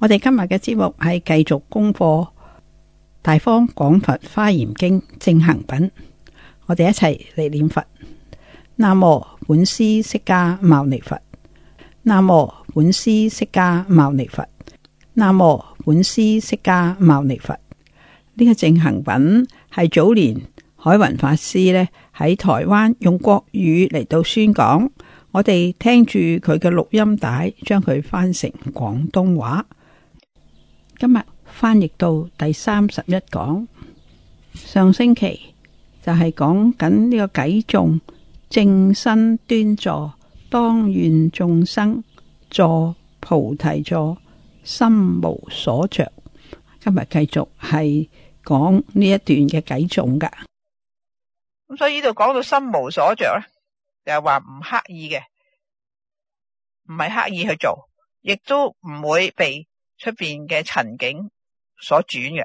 我哋今日嘅節目係繼續功課《大方廣佛花嚴經正行品》，我哋一齊嚟念佛。南無本師釋迦牟尼佛。南無本師釋迦牟尼佛。南無本師釋迦牟尼佛。呢個正行品係早年海雲法師呢喺台灣用國語嚟到宣講，我哋聽住佢嘅錄音帶，將佢翻成廣東話。今日翻譯到第三十一講，上星期就係講緊呢個偈眾正身端坐，當願眾生坐菩提座，心無所着。今日繼續係講呢一段嘅偈眾噶，咁所以呢度講到心無所着咧，就係話唔刻意嘅，唔係刻意去做，亦都唔會被。出面嘅陳景所轉嘅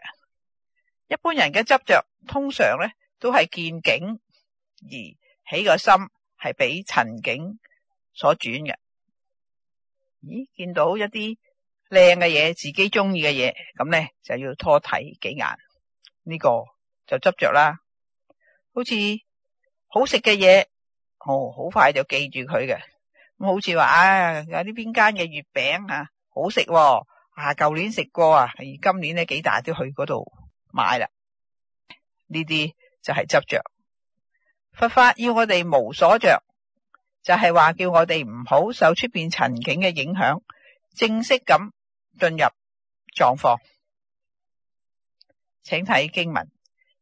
一般人嘅執着，通常咧都係見景而起個心，係俾陳景所轉嘅。咦，見到一啲靚嘅嘢、自己中意嘅嘢，咁咧就要多睇幾眼，呢個就執着啦。好似好食嘅嘢，哦，好快就記住佢嘅。咁好似話啊，有啲邊間嘅月餅啊，好食，哦。啊！舊年食過啊，而今年呢幾大都去嗰度買啦。呢啲就係執着。佛法要我哋無所着，就係話，叫我哋唔好受出邊塵境嘅影響，正式咁進入狀況。請睇經文：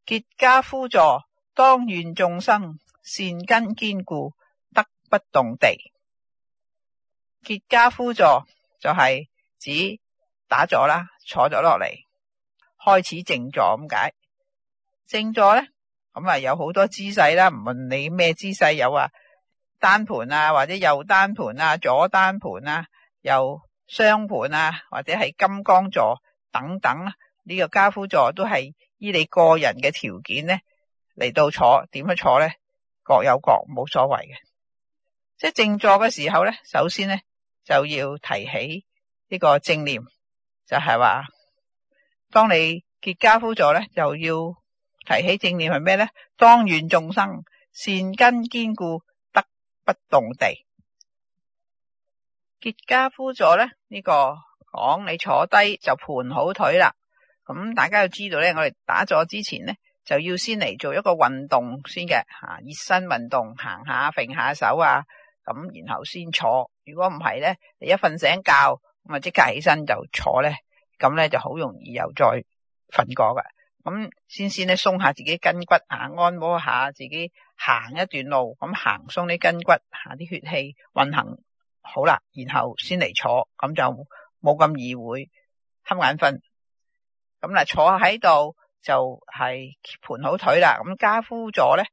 結跏趺坐，當願眾生善根堅固，得不動地。結跏趺坐就係指。打咗啦，坐咗落嚟，開始靜坐咁解。正坐咧，咁啊有好多姿勢啦，唔問你咩姿勢有啊，單盤啊，或者右單盤啊，左單盤啊，右雙盤啊，或者係金剛座等等呢，這個跏趺坐都係依你個人嘅條件咧嚟到坐，點樣坐咧？各有各，冇所謂嘅。即係正坐嘅時候咧，首先咧就要提起呢個正念。就係、是、話，當你結跏趺坐咧，就要提起正念係咩咧？當願眾生善根堅固，得不動地結跏趺坐咧。呢、這個講你坐低就盤好腿啦。咁大家要知道咧，我哋打坐之前咧，就要先嚟做一個運動先嘅吓，熱、啊、身運動，行下、揈下手啊。咁然後先坐。如果唔係咧，你一瞓醒覺，咁啊即刻起身就坐咧。咁咧就好容易又再瞓過噶。咁先先咧，鬆下自己筋骨，啊，按摩下自己，行一段路，咁行鬆啲筋骨，下啲血氣運行好啦。然後先嚟坐，咁就冇咁易會瞌眼瞓。咁啦，坐喺度就係、是、盤好腿啦。咁跏趺座咧，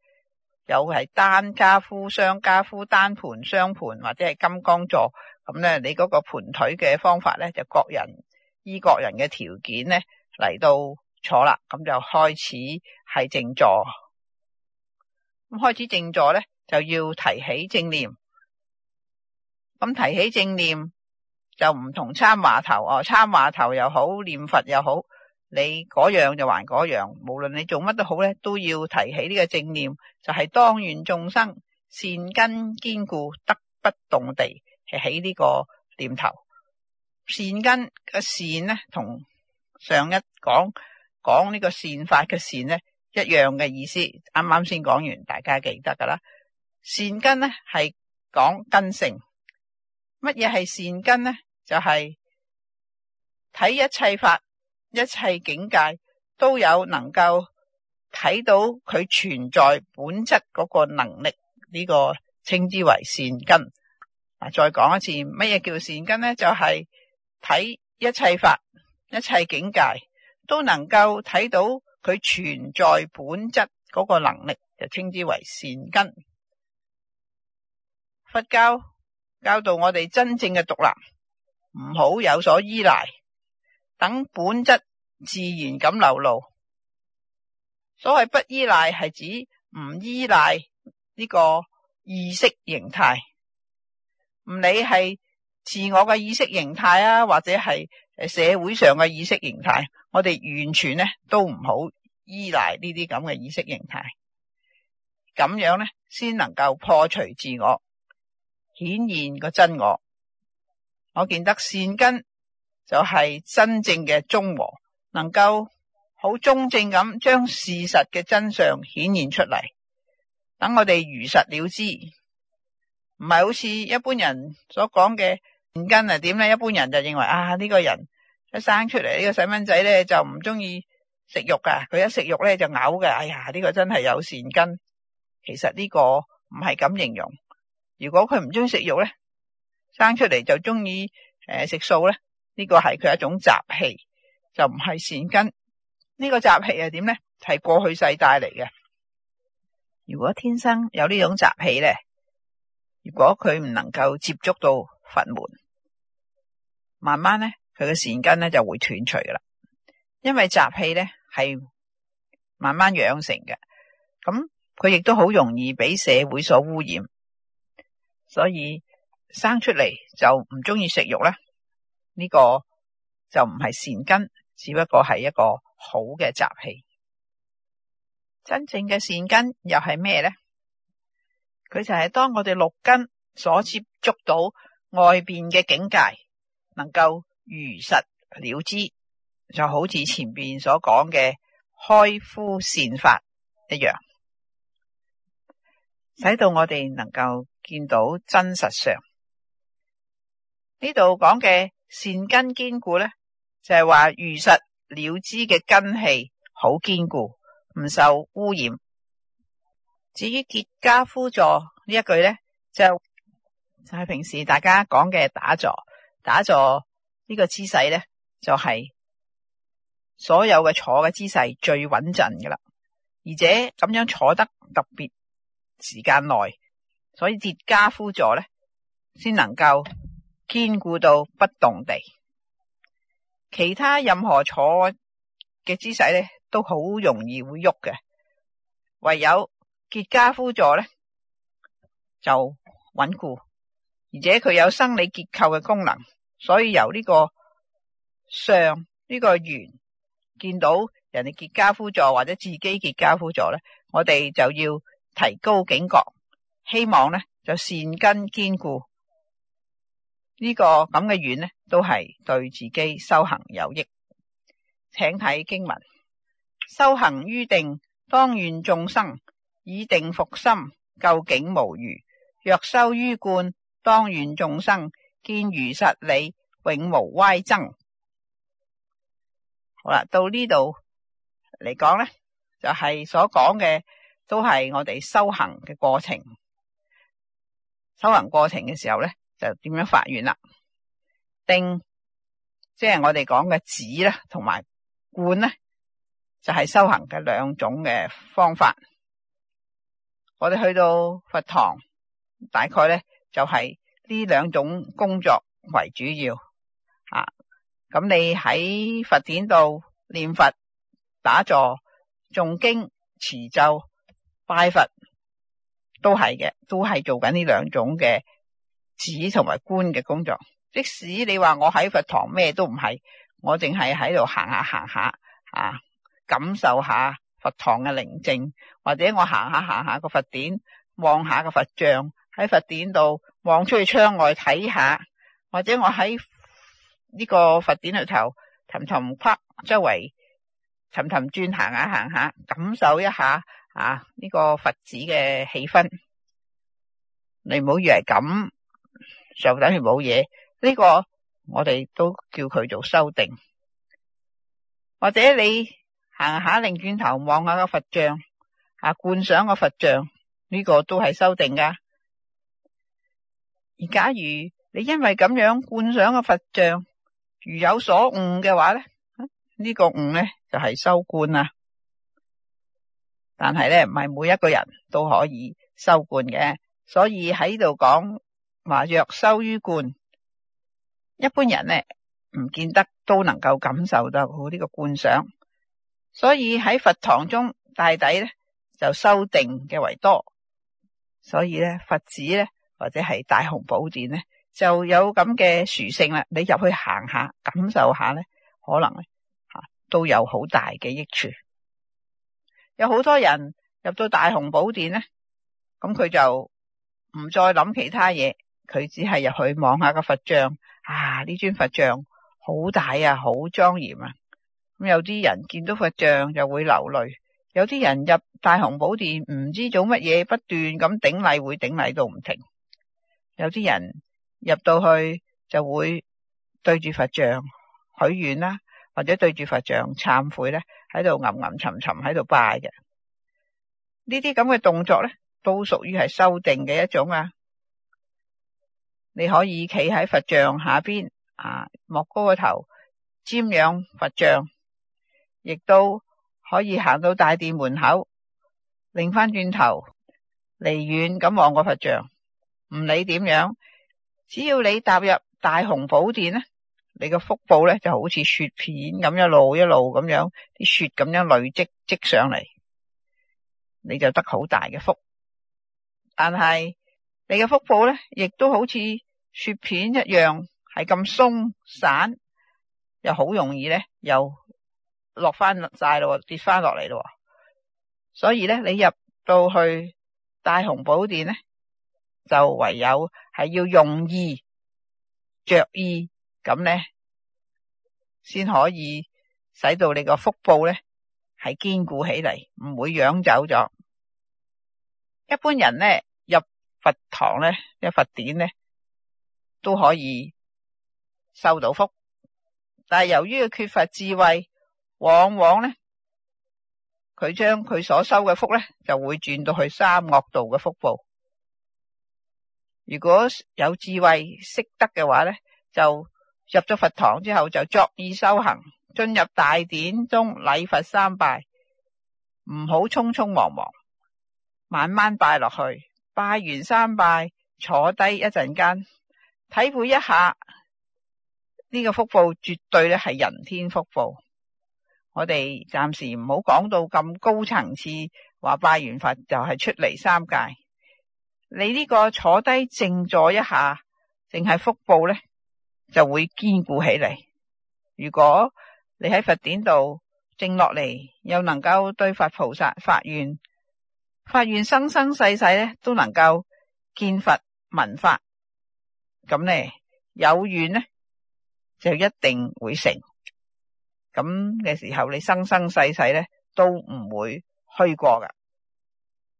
又係單跏趺、雙跏趺、單盤、雙盤或者係金剛座。咁咧，你嗰個盤腿嘅方法咧，就各人。依國人嘅條件呢，嚟到坐啦，咁就開始係靜坐。咁開始靜坐呢，就要提起正念。咁提起正念就唔同參話頭哦，參話頭又好，念佛又好，你嗰樣就還嗰樣。無論你做乜都好呢，都要提起呢個正念，就係、是、當願眾生善根堅固，得不動地，係起呢個念頭。善根嘅善呢，同上一講講呢個善法嘅善呢，一樣嘅意思。啱啱先講完，大家記得噶啦。善根呢係講根性，乜嘢係善根呢？就係、是、睇一切法、一切境界都有能夠睇到佢存在本質嗰個能力，呢、這個稱之為善根。嗱，再講一次，乜嘢叫善根呢？就係、是。睇一切法、一切境界，都能夠睇到佢存在本質嗰個能力，就稱之為善根。佛教教導我哋真正嘅獨立，唔好有所依賴，等本質自然咁流露。所謂不依賴，係指唔依賴呢個意識形態，唔理係。自我嘅意識形態啊，或者係社會上嘅意識形態，我哋完全咧都唔好依賴呢啲咁嘅意識形態，咁樣咧先能夠破除自我，顯現個真我。我見得善根就係真正嘅中和，能夠好中正咁將事實嘅真相顯現出嚟，等我哋如實了知，唔係好似一般人所講嘅。善根啊，點咧？一般人就認為啊，呢個人一生出嚟，呢個細蚊仔咧就唔中意食肉噶，佢一食肉咧就嘔嘅。哎呀，呢個真係有善根。其實呢個唔係咁形容。如果佢唔中意食肉咧，生出嚟就中意誒食素咧，呢個係佢一種習氣，就唔係善根。呢個習氣係點咧？係過去世帶嚟嘅。如果天生有呢種習氣咧，如果佢唔能夠接觸到佛門。慢慢咧，佢嘅善根咧就會斷除㗎啦。因為習氣咧係慢慢養成嘅，咁佢亦都好容易俾社會所污染，所以生出嚟就唔中意食肉咧。呢、呢個就唔係善根，只不過係一個好嘅習氣。真正嘅善根又係咩咧？佢就係當我哋六根所接觸到外邊嘅境界，能夠如實了知，就好似前邊所講嘅開敷善法一樣，使到我哋能夠見到真實上。呢度講嘅善根堅固咧，就係話如實了知嘅根氣好堅固，唔受污染。至於結跏趺坐呢一句咧，就就係平時大家講嘅打坐。打坐呢個姿勢咧，就係、是、所有嘅坐嘅姿勢最穩陣㗎啦。而且咁樣坐得特別時間耐，所以結跏趺坐咧，先能夠堅固到不動地。其他任何坐嘅姿勢咧，都好容易會喐嘅。唯有結跏趺坐咧，就穩固，而且佢有生理結構嘅功能。所以由呢個上呢、呢個願見到人哋結交輔助，或者自己結交輔助，咧，我哋就要提高警覺，希望咧就善根堅固。呢、呢個咁嘅願呢，都係對自己修行有益。請睇經文：修行於定，當願眾生，以定服心，究竟無餘；若修於觀，當願眾生，見如實理，永無歪增。好啦，到呢度嚟講咧，就係所講嘅都係我哋修行嘅過程。修行過程嘅時候咧，就點樣發願啦？定，即係我哋講嘅止啦，同埋觀咧，就係修行嘅兩種嘅方法。我哋去到佛堂，大概咧就係。呢兩種工作為主要啊！咁你喺佛典度念佛打坐、誦經、持咒、拜佛都係嘅，都係做緊呢兩種嘅止同埋觀嘅工作。即使你話我喺佛堂咩都唔係，我淨係喺度行下行下啊，感受下佛堂嘅寧靜，或者我行下行下個佛典，望下個佛像喺佛典度。望出去窗外睇下，或者我喺呢個佛殿裏頭氹氹跨周圍氹氹轉行下行下，感受一下啊呢個佛寺嘅氣氛。你唔好以為咁就等於冇嘢？呢個我哋都叫佢做修定。或者你行下擰轉頭望下個佛像，啊觀想個佛像呢個都係修定噶。而假如你因為咁樣觀想個佛像如有所悟嘅話咧，這個、呢個悟咧就係修觀喇。但係咧唔係每一個人都可以修觀嘅，所以喺度講話若修於觀，一般人咧唔見得都能夠感受到呢個觀想。所以喺佛堂中大抵咧就修定嘅為多，所以咧佛子咧。或者係大雄寶殿咧，就有咁嘅殊勝啦。你入去行下，感受下咧，可能吓都有好大嘅益處。有好多人入到大雄寶殿咧，咁佢就唔再諗其他嘢，佢只係入去望下個佛像啊。呢尊佛像好大啊，好莊嚴啊。咁有啲人見到佛像就會流淚，有啲人入大雄寶殿唔知做乜嘢，不斷咁頂禮會頂禮到唔停。有啲人入到去就會對住佛像許願啦，或者對住佛像懺悔咧，喺度吟吟沉沉喺度拜嘅。呢啲咁嘅動作咧，都屬於係修定嘅一種啊。你可以企喺佛像下邊啊，莫高個頭瞻仰佛像，亦都可以行到大殿門口，擰翻轉頭離遠咁望個佛像。唔理點樣，只要你踏入大雄寶殿咧，你嘅福報咧就好似雪片咁一路一路咁樣，啲雪咁樣累積積上嚟，你就得好大嘅福。但係你嘅福報咧，亦都好似雪片一樣，係咁鬆散，又好容易咧又落翻晒咯，跌翻落嚟咯。所以咧，你入到去大雄寶殿咧。就唯有係要用意着意，咁咧先可以使到你個福報咧係堅固起嚟，唔會養走咗。一般人咧入佛堂咧一佛典咧都可以收到福，但係由於佢缺乏智慧，往往咧佢將佢所收嘅福咧就會轉到去三惡道嘅福報。如果有智慧識得嘅話咧，就入咗佛堂之後就作意修行，進入大殿中禮佛三拜，唔好匆匆忙忙，慢慢拜落去，拜完三拜坐低一陣間，體會一下呢個福報絕對咧係人天福報。我哋暫時唔好講到咁高層次，話拜完佛就係出嚟三界。你呢個坐低靜坐一下，淨係腹部咧就會堅固起嚟。如果你喺佛典度靜落嚟，又能夠對佛菩薩發願，發願生生世世咧都能夠見佛聞法，咁咧有願咧就一定會成。咁嘅時候，你生生世世咧都唔會虛過噶。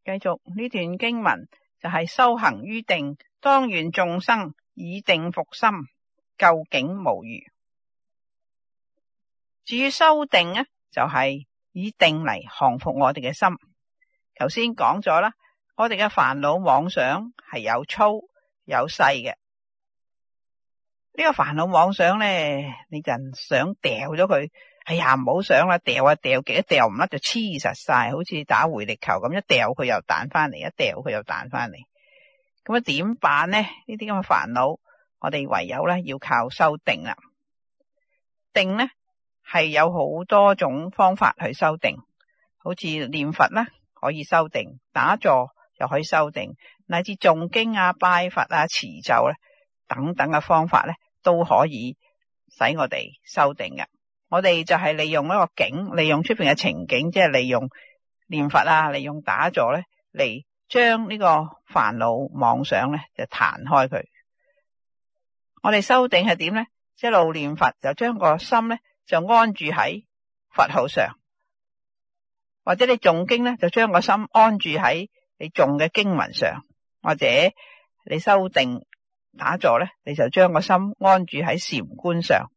繼續呢段經文。就係、是、修行於定，當願眾生以定伏心，究竟無餘。至於修定呢就係、是、以定嚟降服我哋嘅心。頭先講咗啦，我哋嘅煩惱妄想係有粗有細嘅。呢、這個煩惱妄想咧，你就想掉咗佢。哎呀，唔好想啦，丟啊丟丟啊丟掉啊掉，極都掉唔甩，就黐實晒，好似打回力球咁，一掉佢又彈翻嚟，一掉佢又彈翻嚟。咁啊，點辦呢？呢啲咁嘅煩惱，我哋唯有咧要靠修定啦。定呢係有好多種方法去修定，好似念佛啦，可以修定；打坐又可以修定；乃至誦經啊、拜佛啊、持咒咧、啊、等等嘅方法咧，都可以使我哋修定嘅。我哋就係利用一個境，利用出邊嘅情景，即係利用念佛啊，利用打坐咧，嚟將呢個煩惱妄想咧就彈開佢。我哋修定係點咧？即係一路念佛就將個心咧就安住喺佛號上，或者你誦經咧就將個心安住喺你誦嘅經文上，或者你修定打坐咧，你就將個心安住喺禪觀上。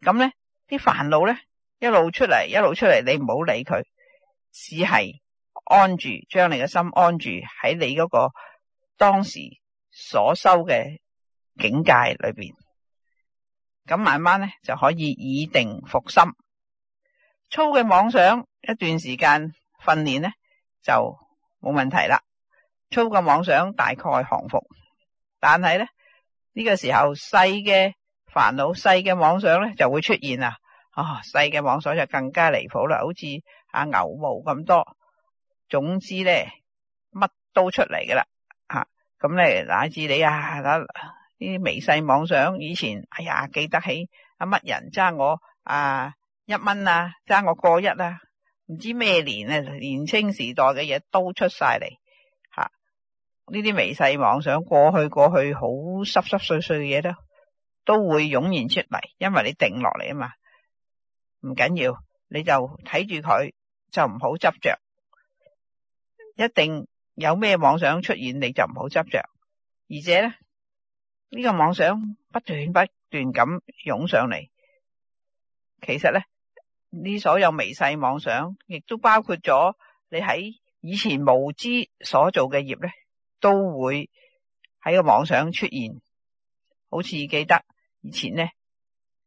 咁咧？啲煩惱咧，一路出嚟，一路出嚟，你唔好理佢，只係安住，將你嘅心安住喺你嗰個當時所修嘅境界裏邊，咁慢慢咧就可以以定服心。粗嘅妄想一段時間訓練咧就冇問題啦。粗嘅妄想大概降服，但係咧呢，呢個時候細嘅。煩惱細嘅妄想咧就會出現啦，啊、哦，細嘅妄想就更加離譜啦，好似啊牛毛咁多。總之咧，乜都出嚟噶啦，吓咁咧，乃至你啊，嗱呢啲微細妄想，以前哎呀記得起啊乜人爭我啊一蚊啊，爭我過一啦，唔知咩年啊，年青時代嘅嘢都出晒嚟，吓呢啲微細妄想過去過去好濕濕碎碎嘅嘢都。都會湧現出嚟，因為你定落嚟啊嘛，唔緊要，你就睇住佢，就唔好執着。一定有咩妄想出現，你就唔好執着。而且呢，呢個妄想不斷不斷咁湧上嚟，其實呢，呢所有微細妄想，亦都包括咗你喺以前無知所做嘅業呢，都會喺個妄想出現，好似記得。以前咧，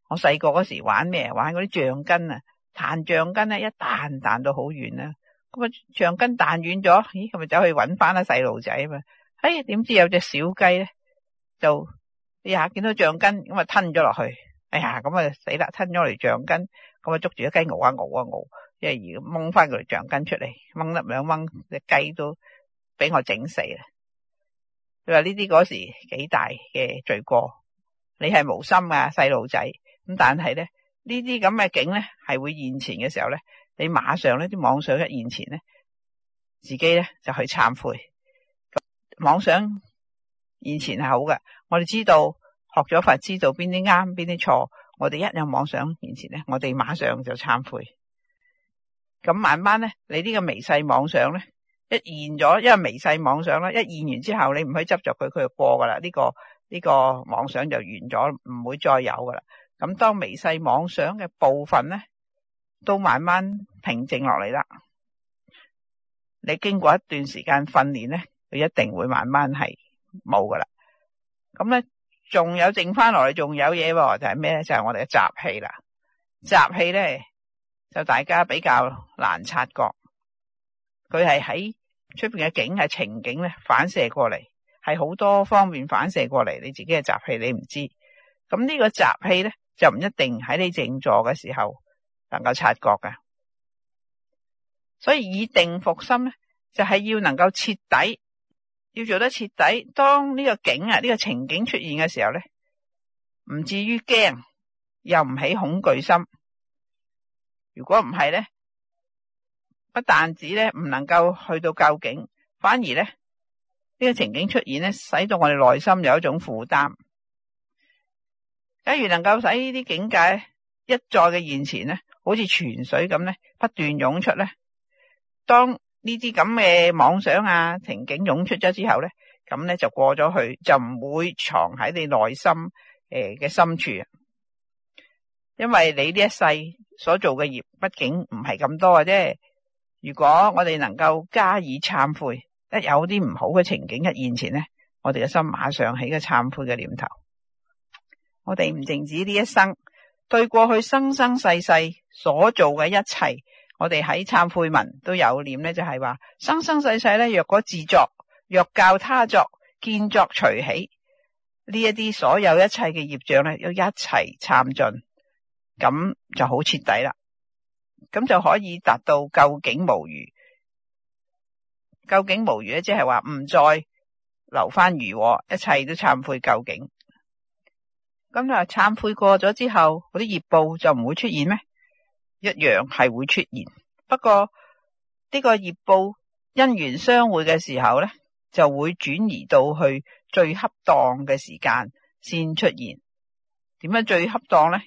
我細個嗰時玩咩？玩嗰啲橡筋啊，彈橡筋咧，一彈彈到好遠啊。咁啊，橡筋彈遠咗，咦，咁咪走去搵翻個細路仔啊嘛。哎，點知有隻小雞咧，就哎呀，見到橡筋咁啊吞咗落去。哎呀，咁啊死啦，吞咗條橡筋，咁啊捉住隻雞，咬啊咬啊咬，即係要掹翻佢嚟橡筋出嚟，掹粒兩掹隻雞都俾我整死啦。佢話呢啲嗰時幾大嘅罪過。你係，無心㗎，細路仔咁，但係咧，呢啲咁嘅景咧係會現前嘅時候咧，你馬上咧，啲妄想一現前咧，自己咧就去懺悔，妄想現前係好嘅。我哋知道學咗佛，知道邊啲啱，邊啲錯。我哋一有妄想現前咧，我哋馬上就懺悔。咁慢慢咧，你呢個微細妄想咧一現咗，因為微細妄想啦，一現完之後，你唔可以執着佢，佢就過噶啦。呢個。呢、這個妄想就完咗，唔會再有噶啦。咁當微細妄想嘅部分咧，都慢慢平靜落嚟啦。你經過一段時間訓練咧，佢一定會慢慢係冇噶啦。咁咧，仲有剩翻落嚟，仲有嘢喎，啊，就係咩咧？就係，是，我哋嘅雜氣啦。雜氣咧，就大家比較難察覺，佢係喺出邊嘅景，係情景咧，反射過嚟。係好多方面反射過嚟，你自己嘅習氣你唔知，咁呢個習氣咧就唔一定喺你靜坐嘅時候能夠察覺嘅，所以以定伏心咧就係、是、要能夠徹底，要做得徹底。當呢個境啊呢、呢個情景出現嘅時候咧，唔至於驚，又唔起恐懼心。如果唔係咧，不但止咧唔能夠去到究竟，反而咧。呢個情景出現呢，使到我哋內心有一種負擔。假如能夠使呢啲境界一再嘅現前呢，好似泉水咁呢不斷湧出呢。當呢啲咁嘅妄想啊、情景湧出咗之後呢，咁呢就過咗去了，就唔會藏喺你內心嘅深處。因為你呢一世所做嘅業，畢竟唔係咁多嘅啫。如果我哋能夠加以懺悔。一有啲唔好嘅情景一現前呢，我哋嘅心馬上起個懺悔嘅念頭。我哋唔淨止呢一生，對過去生生世世所做嘅一切，我哋喺懺悔文都有念呢，就係話生生世世咧，若果自作，若教他作，見作隨起，呢一啲所有一切嘅業障咧，要一齊懺盡，咁就好徹底啦，咁就可以達到究竟無餘。究竟無餘咧，即係話唔再留翻餘禍，一切都懺悔究竟。咁啊，懺悔過咗之後，嗰啲業報就唔會出現咩？一樣係會出現。不過呢、這個業報因緣相會嘅時候咧，就會轉移到去最恰當嘅時間先出現。點樣最恰當咧？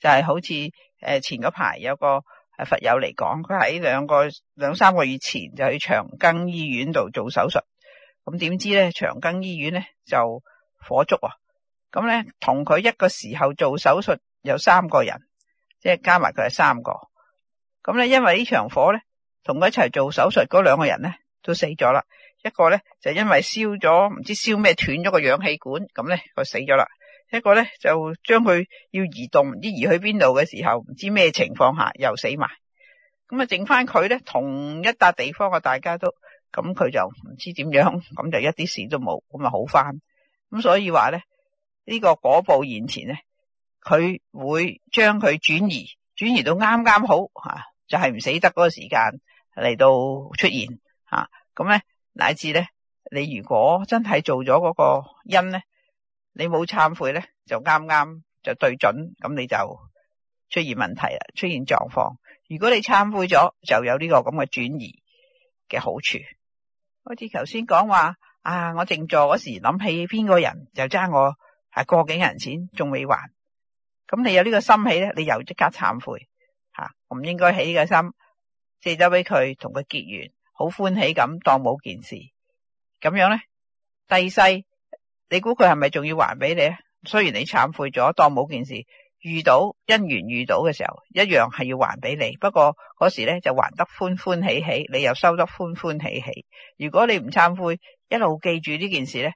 就係、是、好似誒前嗰排有個。佛友嚟講，佢喺兩個兩三個月前就去長庚醫院度做手術，咁點知咧長庚醫院咧就火燭啊！咁咧同佢一個時候做手術有三個人，即係加埋佢係三個。咁咧因為呢場火咧，同佢一齊做手術嗰兩個人咧都死咗啦。一個咧就因為燒咗唔知燒咩斷咗個氧氣管，咁咧佢死咗啦。一個咧就將佢要移動，唔知移去邊度嘅時候，唔知咩情況下又死埋，咁啊剩翻佢咧同一笪地方嘅大家都咁，佢就唔知點樣，咁就一啲事都冇，咁啊好翻。咁所以話咧呢、呢個果報現前咧，佢會將佢轉移，轉移到啱啱好吓，就係、是、唔死得嗰個時間嚟到出現吓，咁咧乃至咧你如果真係做咗嗰個因咧。你冇懺悔咧，就啱啱就對準，咁你就出現問題啦，出現狀況。如果你懺悔咗，就有呢、這個咁嘅轉移嘅好處。好似頭先講話啊，我靜坐嗰時諗起邊個人就爭我過、啊、過幾人錢，仲未還。咁你有呢個心起咧，你又即刻懺悔吓、啊，我唔應該起呢個心，借咗俾佢，同佢結緣，好歡喜咁當冇件事。咁樣咧，第世。你估佢係咪仲要還俾你啊？雖然你懺悔咗，當冇件事，遇到因緣遇到嘅時候，一樣係要還俾你。不過嗰時咧就還得歡歡喜喜，你又收得歡歡喜喜。如果你唔懺悔，一路記住呢件事咧，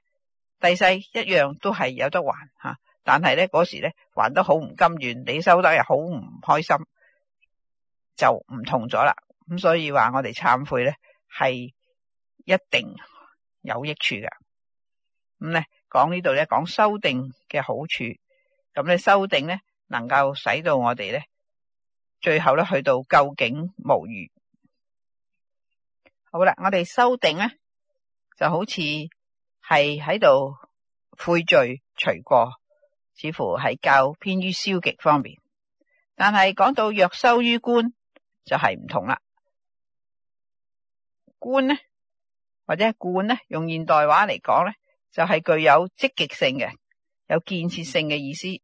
第世一樣都係有得還吓。但係咧嗰時咧還得好唔甘願，你收得又好唔開心，就唔同咗啦。咁所以話我哋懺悔咧係一定有益處㗎。咁咧。講呢度咧，講修訂嘅好處。咁咧修訂咧，能夠使到我哋咧，最後咧去到究竟無餘。好啦，我哋修訂咧，就好似係喺度悔罪除過，似乎係較偏於消極方面。但係講到若修於官，就係唔同啦。官呢，或者冠咧，用現代話嚟講咧。就係、是、具有積極性嘅，有建設性嘅意思，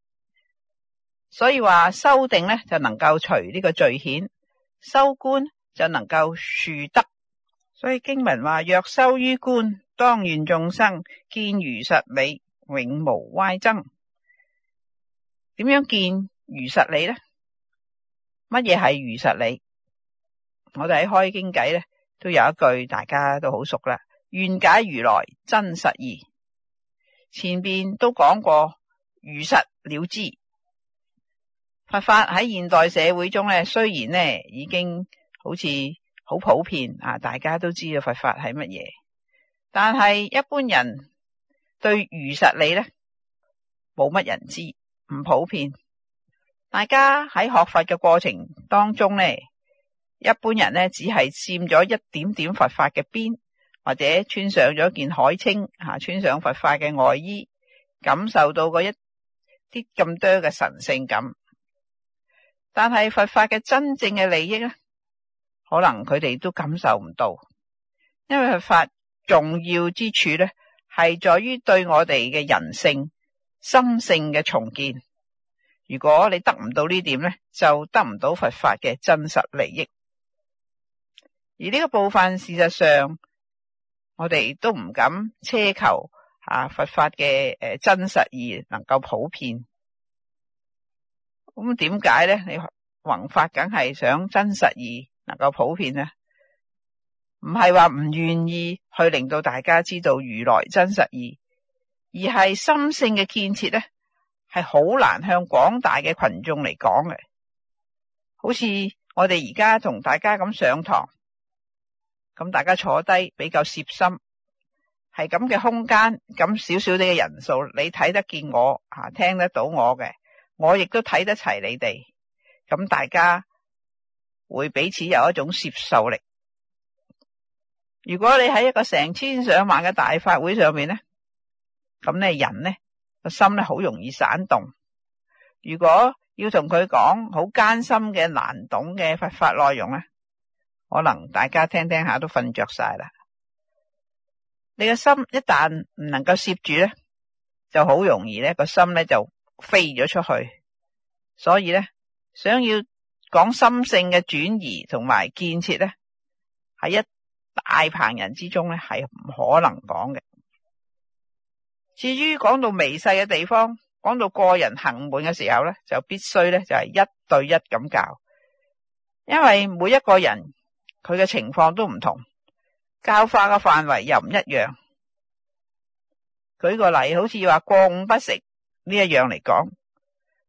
所以話修定呢，就能夠除呢個罪愆，修觀就能夠樹德。所以經文話：若修於觀，當願眾生見如實理，永無乖諍。點樣見如實理呢？乜嘢係如實理？我哋喺開經偈呢，都有一句，大家都好熟啦：願解如來真實義。前邊都講過如實了知。佛法喺現代社會中咧，雖然咧已經好似好普遍啊，大家都知道佛法係乜嘢，但係一般人對如實理咧冇乜人知，唔普遍。大家喺學法嘅過程當中咧，一般人咧只係佔咗一點點佛法嘅邊。或者穿上咗件海青吓，穿上佛法嘅外衣，感受到嗰一啲咁多嘅神聖感。但係佛法嘅真正嘅利益咧，可能佢哋都感受唔到，因為佛法重要之處咧，係在於對我哋嘅人性、心性嘅重建。如果你得唔到呢點咧，就得唔到佛法嘅真實利益。而呢個部分，事實上。我哋都唔敢奢求吓佛法嘅，誒、真實義能夠普遍。咁點解咧？你弘法梗係想真實義能夠普遍呢？唔係話唔願意去令到大家知道如來真實義，而係心性嘅建設咧，係好難向廣大嘅群眾嚟講嘅。好似我哋而家同大家咁上堂。咁大家坐低比較攝心，係咁嘅空間，咁少少啲嘅人數，你睇得見我，吓、啊、聽得到我嘅，我亦都睇得齊你哋。咁大家會彼此有一種攝受力。如果你喺一個成千上萬嘅大法會上面呢，咁咧人呢，個心咧好容易散動。如果要同佢講好艱辛嘅難懂嘅佛法內容咧，可能大家聽聽下都瞓着晒啦。你嘅心一旦唔能夠攝住咧，就好容易咧個心咧就飛咗出去。所以咧，想要講心性嘅轉移同埋建設咧，喺一大棚人之中咧係唔可能講嘅。至於講到微細嘅地方，講到個人行滿嘅時候咧，就必須咧就係一對一咁教，因為每一個人。佢嘅情況都唔同，教化嘅範圍又唔一樣。舉個例，好似話過午不食呢一樣嚟講，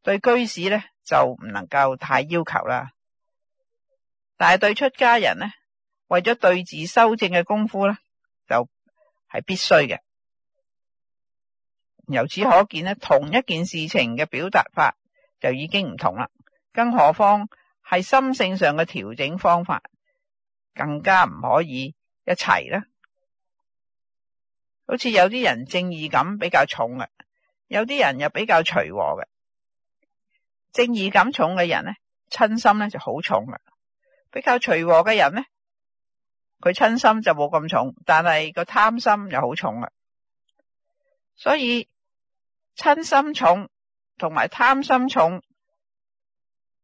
對居士呢就唔能夠太要求啦。但係對出家人呢，為咗對治修正嘅功夫呢，就係必須嘅。由此可見呢，同一件事情嘅表達法就已經唔同啦。更何況係心性上嘅調整方法。更加唔可以一齊啦。好似有啲人正義感比較重嘅，有啲人又比較隨和嘅。正義感重嘅人咧，嗔心咧就好重嘅；比較隨和嘅人咧，佢嗔心就冇咁重，但係個貪心又好重啊。所以嗔心重同埋貪心重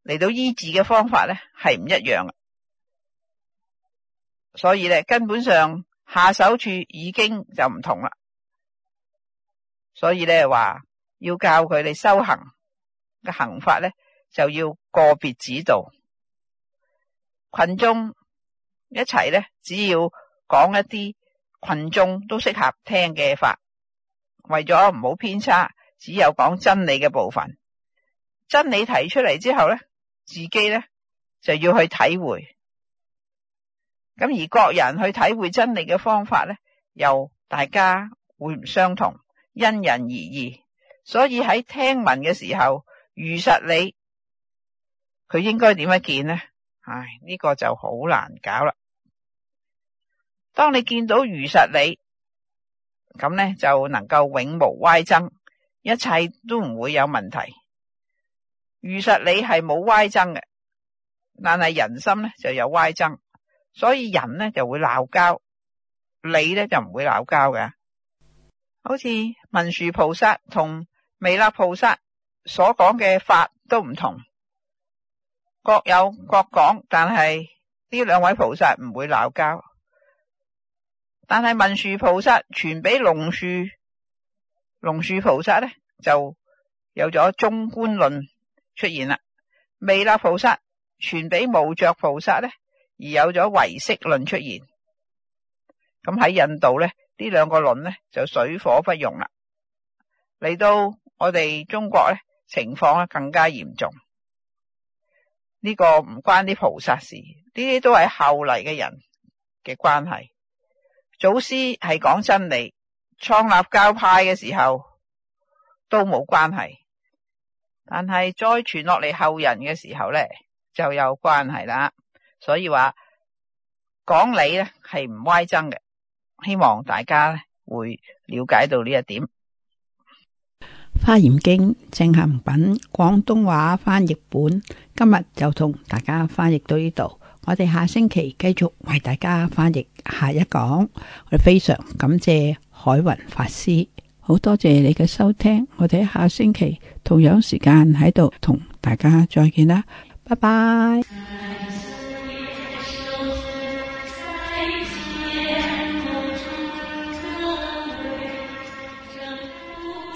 嚟到醫治嘅方法咧，係唔一樣嘅。所以咧，根本上下手處已經就唔同啦。所以咧，話要教佢哋修行嘅行法咧，就要個別指導。群眾一齊咧，只要講一啲群眾都適合聽嘅法，為咗唔好偏差，只有講真理嘅部分。真理提出嚟之後咧，自己咧就要去體會。咁而各人去體會真理嘅方法呢，又大家會唔相同，因人而異。所以喺聽聞嘅時候，如實理，佢應該點樣見呢？唉，呢個就好難搞啦。當你見到如實理，咁呢，就能夠永無歪增，一切都唔會有問題。如實理係冇歪增嘅，但係人心呢，就有歪增。所以人呢就會鬧交，你呢就唔會鬧交嘅。好似文殊菩薩同彌勒菩薩所講嘅法都唔同，各有各講，但係呢兩位菩薩唔會鬧交。但係文殊菩薩傳俾龍樹，龍樹菩薩呢就有咗中觀論出現啦。彌勒菩薩傳俾無著菩薩呢，而有咗唯識論出現，咁喺印度咧，呢兩個論呢，就水火不容啦。嚟到我哋中國咧，情況咧更加嚴重。呢、這個唔關啲菩薩事，呢啲都係後嚟嘅人嘅關係。祖師係講真理，創立教派嘅時候都冇關係，但係再傳落嚟後人嘅時候咧，就有關係啦。所以話講理呢係唔歪增嘅，希望大家會了解到呢一點。《華嚴經》正行品廣東話翻譯本，今日就同大家翻譯到呢度。我哋下星期繼續為大家翻譯下一講。我哋非常感謝海雲法師，好多謝你嘅收聽。我哋下星期同樣時間喺度同大家再見啦，拜拜。